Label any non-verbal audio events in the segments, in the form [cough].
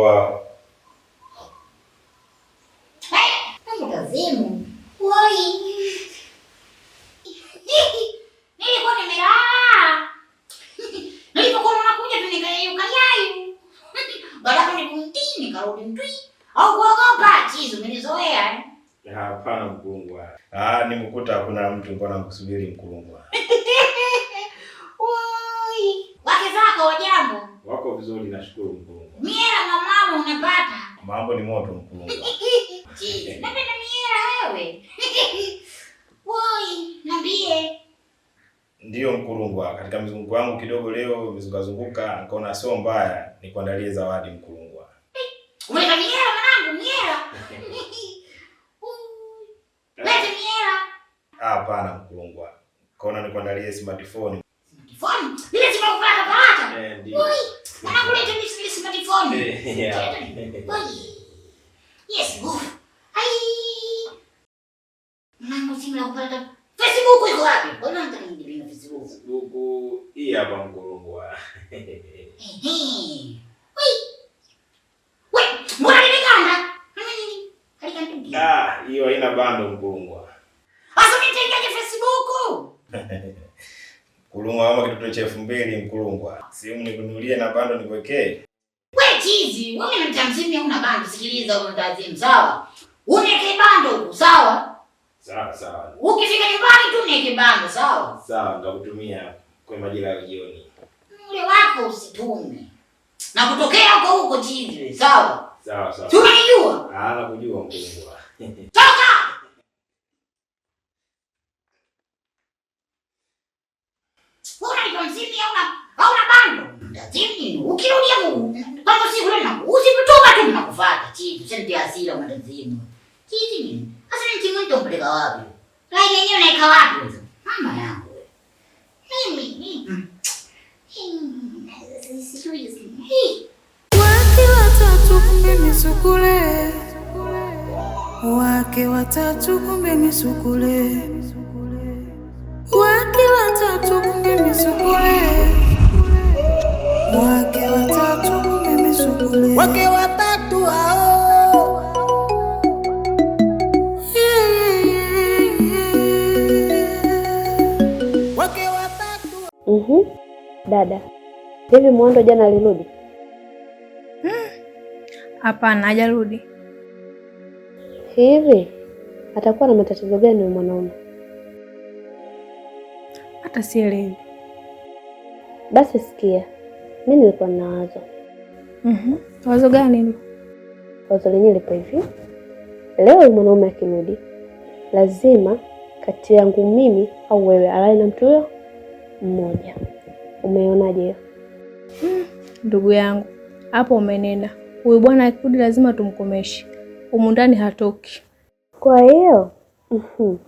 wao. Kazimu woi, nilikuwa au kuogopa chizo, Hapana mkulungwa, ah, nimekuta hakuna mtu, mbona mkusubiri mkulungwa? Woi, [laughs] wake zako wajambo? Wako vizuri, nashukuru mkulungwa. Mimi na kama unapata mambo ni moto mkuu. [laughs] Napenda miera wewe. [laughs] Woi, niambie. Ndiyo mkurungwa, katika mizunguko wangu kidogo leo mizunguka zunguka nikaona sio mbaya nikuandalie zawadi mkurungwa. Eh, Unataka miera mwanangu, miera? Leta [laughs] miera. hapana mkurungwa. Kaona nikuandalie smartphone. Smartphone? Bila simu ukala hapa hata. Eh, ndio. Mwanangu somebody for me. yeah. Yes, move. Ai. Mama sima kupata Facebook iko wapi? Wewe unataka nini Facebook? Facebook hii hapa mkurungwa. Ehe. Wei. Wei, mbona nimeganda? Kama nini? Ah, hiyo haina bando Kulungwa kama kitoto cha elfu mbili mkulungwa. Simu nikununulie na bando niwekee chizi, wewe unanitia hamsini huna bando. Sikiliza wewe mtazimu, sawa? Uniweke bando huko, sawa? Sawa sawa. Ukifika nyumbani tu niweke bando, sawa? Sawa, nitakutumia kwa majira ya jioni. Mle wako usitume. Na kutokea huko huko chizi wewe, sawa? Sawa sawa. Tunajua? Ah, nakujua mkubwa. [laughs] Toka! Una Wewe unanitia hamsini huna huna bando. Mtazimu, ukirudia kusivula usivitoka tu nakufata chizi sente asila mwandazimu chizi nini hasa ni chimu nitompeleka wapi lai yenyewe naika wapi mama yangu mimi wake watatu kumbe ni wake watatu kumbe ni wake watatu kumbe ni wake watatu wake watatu hao dada, hivi Mwando jana alirudi? Hmm, hapana, hajarudi. Hivi atakuwa na matatizo gani mwanaume? Hata sielewi. Basi sikia, mimi nilikuwa na wazo Mhm. Wazo gani ni Wazo lenyewe lipo hivi. Leo mwanaume akirudi, lazima kati yangu mimi au wewe alale na mtu huyo mmoja. Umeonaje hiyo? Mm, ndugu yangu hapo umenena. Huyu bwana akirudi lazima tumkomeshe, humu ndani hatoki. Kwa hiyo mm-hmm.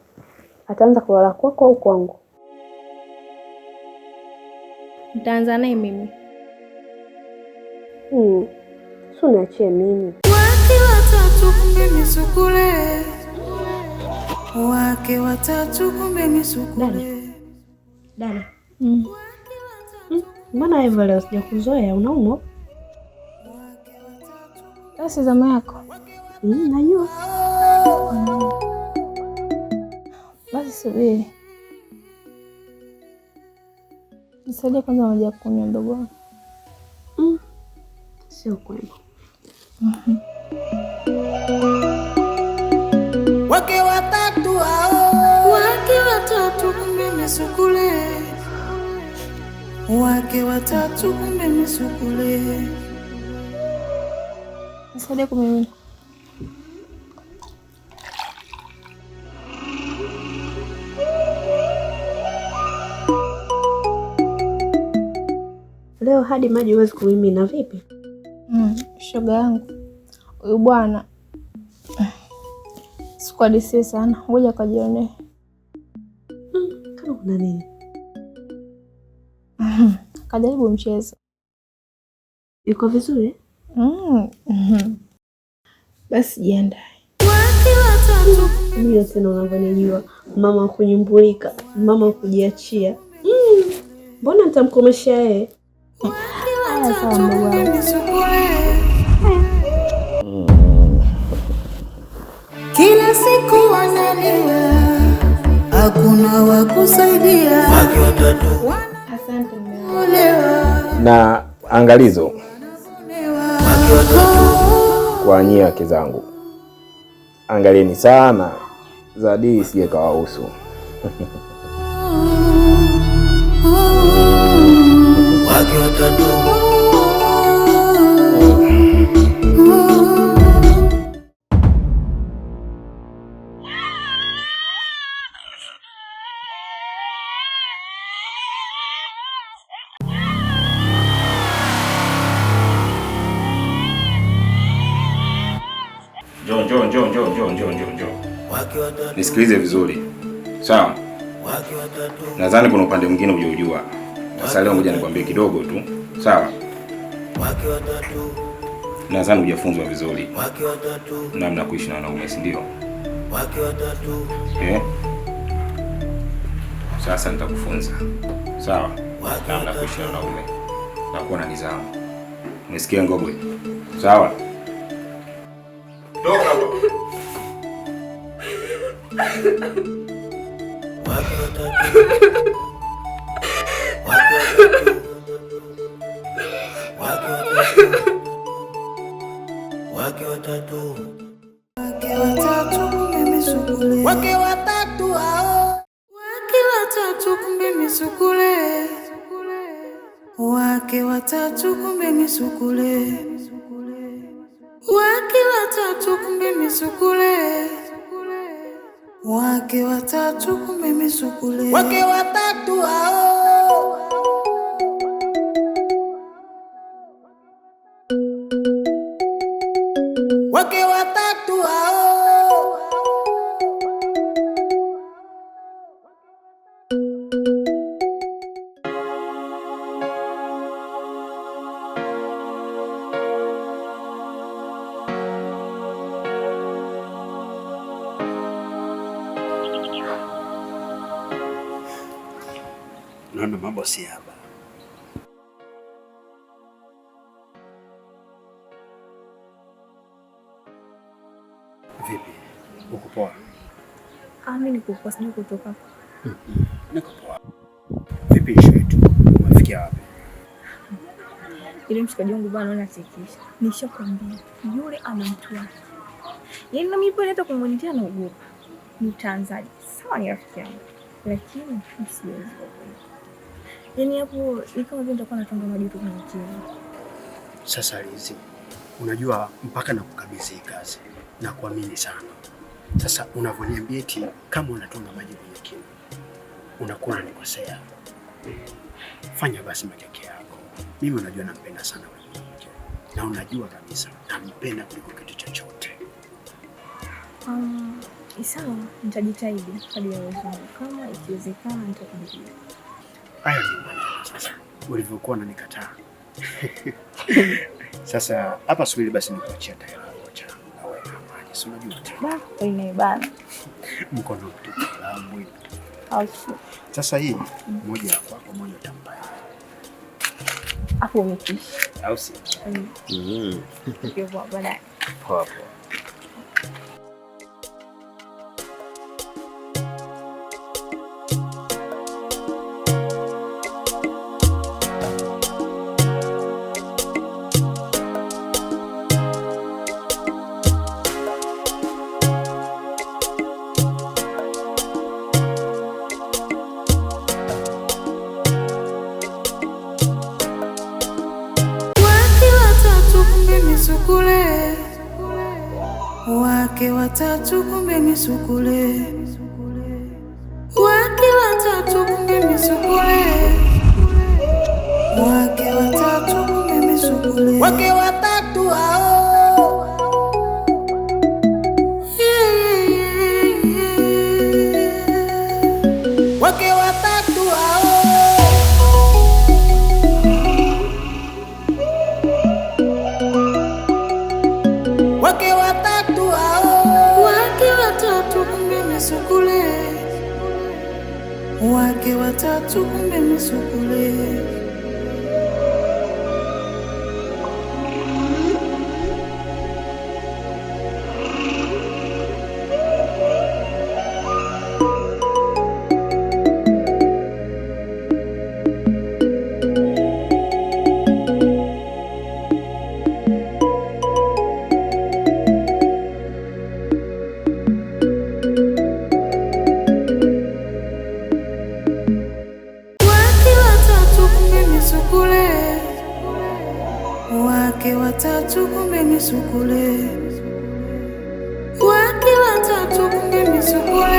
Ataanza kulala kwako au kwangu? ntaanza naye mimi. Hmm. Suniachie mimi wake watatu kumbe ni sukule wake watatu kumbe ni nisukule. Dada, hmm. Hmm, mbona hivyo leo? Sijakuzoea, unaumwa? Basi zama yako. Mm, najua. Basi subiri nisaidie kwanza maji ya kunywa, mdogo wangu sio kwema. wake watatu hao, wake watatu kumbe mesukule, wake watatu kumbe mesukule. Nisaidie kumimina leo hadi maji huwezi kumimina vipi? Mm, shoga yangu huyu bwana sikuadisie sana, ngoja kajionee mm, kama kuna nini mm-hmm. kajaribu mchezo. Yuko vizuri mm. Mm-hmm. Basi jiandae mia tena, unavyonijua mama kunyumbulika, mama kujiachia. Mm, mbona mm, nitamkomesha yeye kila siku wanalia, hakuna wa kusaidia. na angalizo kwa nyie wake zangu, angalieni sana Zadi isije kawahusu. nisikilize vizuri sawa. Nadhani kuna upande mwingine hujaujua. Sasa leo ngoja nikwambie kidogo tu sawa. Nadhani hujafunzwa vizuri namna kuishi na wanaume, si ndio? Eh, sasa nitakufunza sawa, namna kuishi na wanaume na kuwa na nidhamu. Umesikia Ngogwe? Sawa. Toka. Wake watatu, wake watatu, wake watatu, wake watatu, kumbe misukule, wake watatu, kumbe misukule, wake watatu, kumbe misukule wake watatu kumbe misukulia wake watatu hao mambo si haba. Vipi, uko poa? Ah, mimi niko poa sina kutoka. Hmm. Niko poa. Vipi ishu yetu? Umefikia wapi? Ile mshikaji wangu bwana tikisha. Nishakwambia yule ana mtu wake. Yaani na mimi pale hata kumwendea naogopa. Nitaanzaje? Sawa ni rafiki yangu. Lakini msiwezi kuogopa yani hapo ni kama vile nitakuwa natonga maji kwenye Sasa Lizi, unajua mpaka nakukabidhi kazi na kuamini sana. Sasa unavyoniambia eti kama unatunga maji kwenye kinu, unakuwa unanikosea. Fanya basi mateke yako. Mimi unajua nampenda sana wewe, na unajua kabisa nampenda kuliko kitu chochote. Um, sawa, nitajitahidi kadri ya uwezo wangu, kama ikiwezekana nitakujibu. Haya ni maneno sasa, ulivyokuwa unanikataa. [laughs] Sasa hapa subiri basi nikuachia tayari ngoja. tena. Ni bana. Mkono Sasa hii mm. moja kwako, moja tampa Hapo umekishi. Au si? Mm. Mm. Poa poa. watatu kumbe ni sukule, wake watatu kumbe ni sukule, wake watatu kumbe ni sukule kule wakiwa tatu kumi mizugu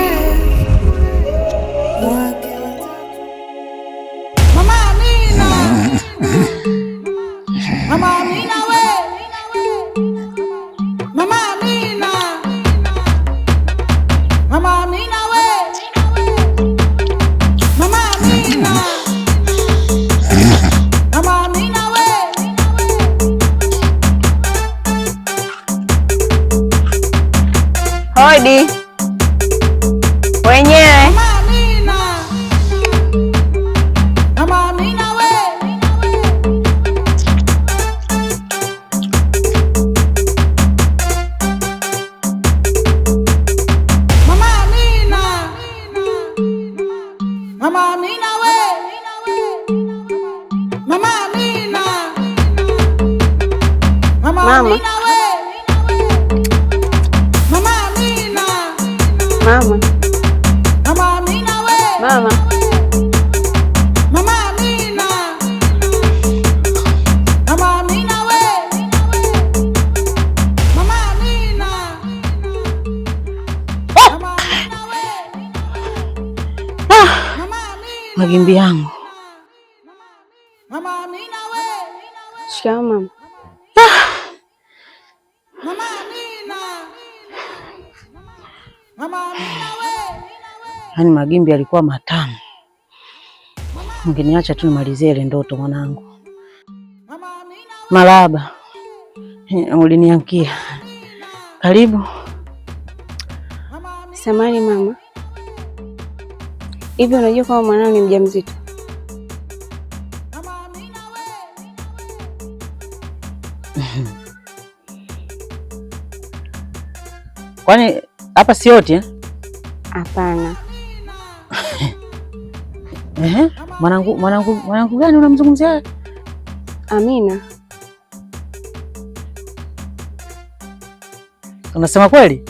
Magimbi yangu. Mama Amina we. Shikamoo mama. Mama Amina. Mama Amina we. Yaani magimbi alikuwa matamu. Ungeniacha tu nimalizie ile ndoto mwanangu. Malaba uliniankia. Karibu. Samani mama. Hivi unajua kama mwanao ni mjamzito? [laughs] Kwani hapa si yote? Eh? Hapana. [laughs] Eh? mwanangu mwanangu mwanangu gani unamzungumzia? Amina. Unasema kweli?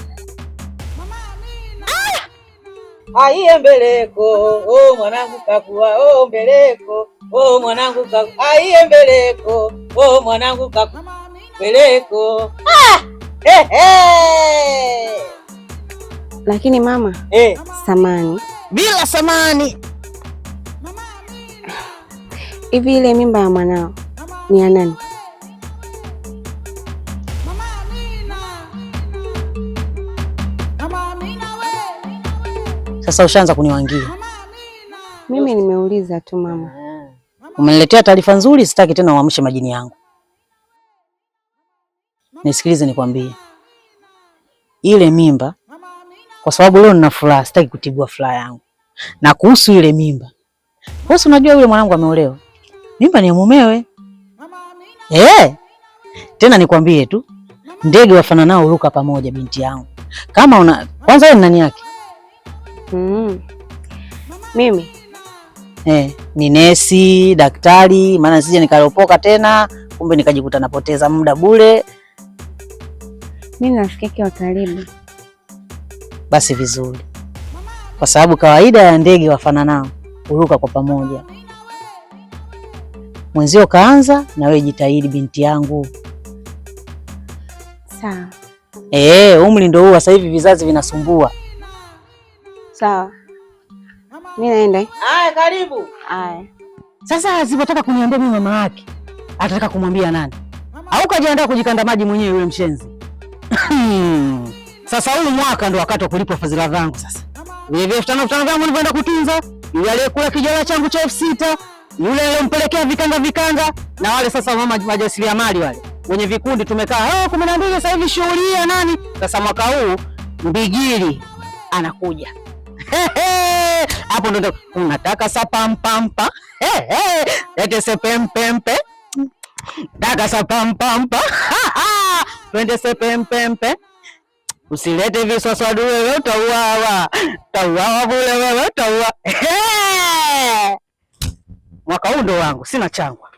aiye mbeleko oh, mwanangu kakua oh, mbeleko oh, mwanangu kakua aiye mbeleko oh, mwanangu kakua mbeleko ah! hey, hey! Lakini mama hey. Samani bila samani hivi, ile mimba ya mwanao ni ya nani? Sasa ushaanza kuniwangia mimi. Nimeuliza tu mama. Eh. Umeniletea taarifa nzuri, sitaki tena uamshe majini yangu. Nisikilize nikwambie, ile mimba, kwa sababu leo nina furaha, sitaki kutibua furaha yangu. Na kuhusu ile mimba, wewe unajua yule mwanangu ameolewa, mimba ni ya mumewe. Eh, tena nikwambie tu, ndege wafananao huruka pamoja, binti yangu. Kama una kwanza, wewe ni nani yake? Mm. Mimi eh, ni nesi daktari, maana sije nikalopoka tena, kumbe nikajikuta napoteza muda bure. Mimi nafikiki wa karibu. Basi vizuri, kwa sababu kawaida ya ndege wafananao huruka kwa pamoja. Mwenzio kaanza na wewe, jitahidi binti yangu. Sawa. Eh, umri ndio huu sasa hivi, vizazi vinasumbua Sawa, mi naenda. Aya, karibu. Aya, sasa asipotaka kuniambia mimi mama yake atataka kumwambia nani? Au kajiandaa kujikanda maji mwenyewe yule mshenzi. [clears throat] Sasa huu mwaka ndo wakati wa kulipa fadhila zangu sasa. Vile vile vitano vitano vyangu nilivyoenda kutunza, yule aliyekula kijana changu cha elfu sita, yule aliyompelekea vikanga vikanga na wale sasa mama wajasiriamali wale. Wenye vikundi tumekaa hao eh, kumi na mbili sasa hivi shughuli ya nani? Sasa mwaka huu Mbigili anakuja hapo ndo unataka sapampampa lete sepempempe taka sapampampa twende sepempempe usilete viswaswadu wewe utauawa utauawa bule wewe utaua mwaka huu ndo wangu sina changwa